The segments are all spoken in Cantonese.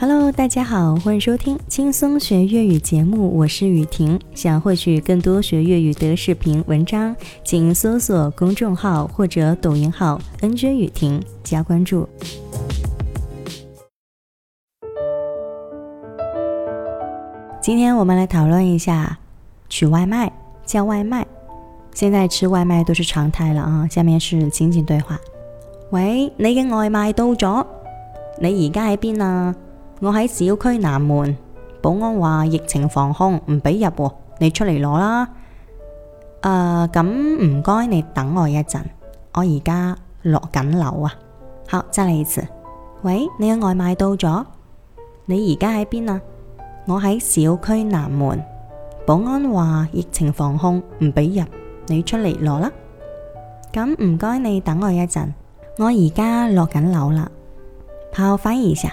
Hello，大家好，歡迎收聽輕鬆學粵語節目，我是宇婷。想獲取更多學粵語的視頻文章，請搜索公眾號或者抖音號 “NJ 宇婷”加關注。今天我們來討論一下取外賣、叫外賣。現在吃外賣都是常態了啊！下面是情景對話：喂，你嘅外賣到咗？你而家喺邊啊？我喺小區南門，保安話疫情防控唔畀入，你出嚟攞啦。誒、呃，咁唔該你等我一陣，我而家落緊樓啊。好，再嚟一次。喂，你嘅外賣到咗？你而家喺邊啊？我喺小區南門，保安話疫情防控唔畀入，你出嚟攞啦。咁唔該你等我一陣，我而家落緊樓啦。好，灰意思啊？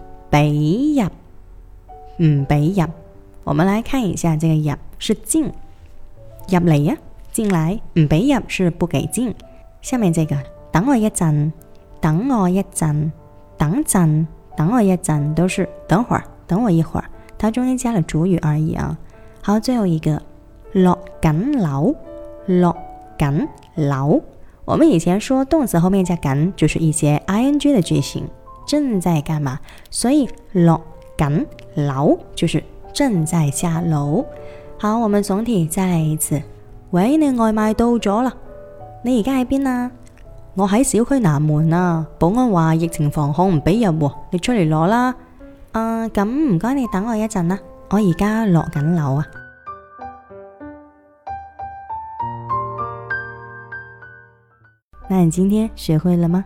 俾入，唔俾入，我們來看一下這個入是進入嚟呀，進來，唔俾入是不給進。下面這個等我一陣，等我一陣，等陣，等我一陣都是等會兒，等我一會兒，它中間加了主語而已啊。好，最後一個落緊樓，落緊樓。我們以前說動詞後面加緊就是一些 ING 的句型。正在幹嘛？所以落緊樓就是正在下樓。好，我們總體再來一次。喂，你外賣到咗啦？你而家喺邊啊？我喺小區南門啊。保安話疫情防控唔俾入，你出嚟攞啦。啊，咁唔該你等我一陣啦。我而家落緊樓啊。那你今天學會了嗎？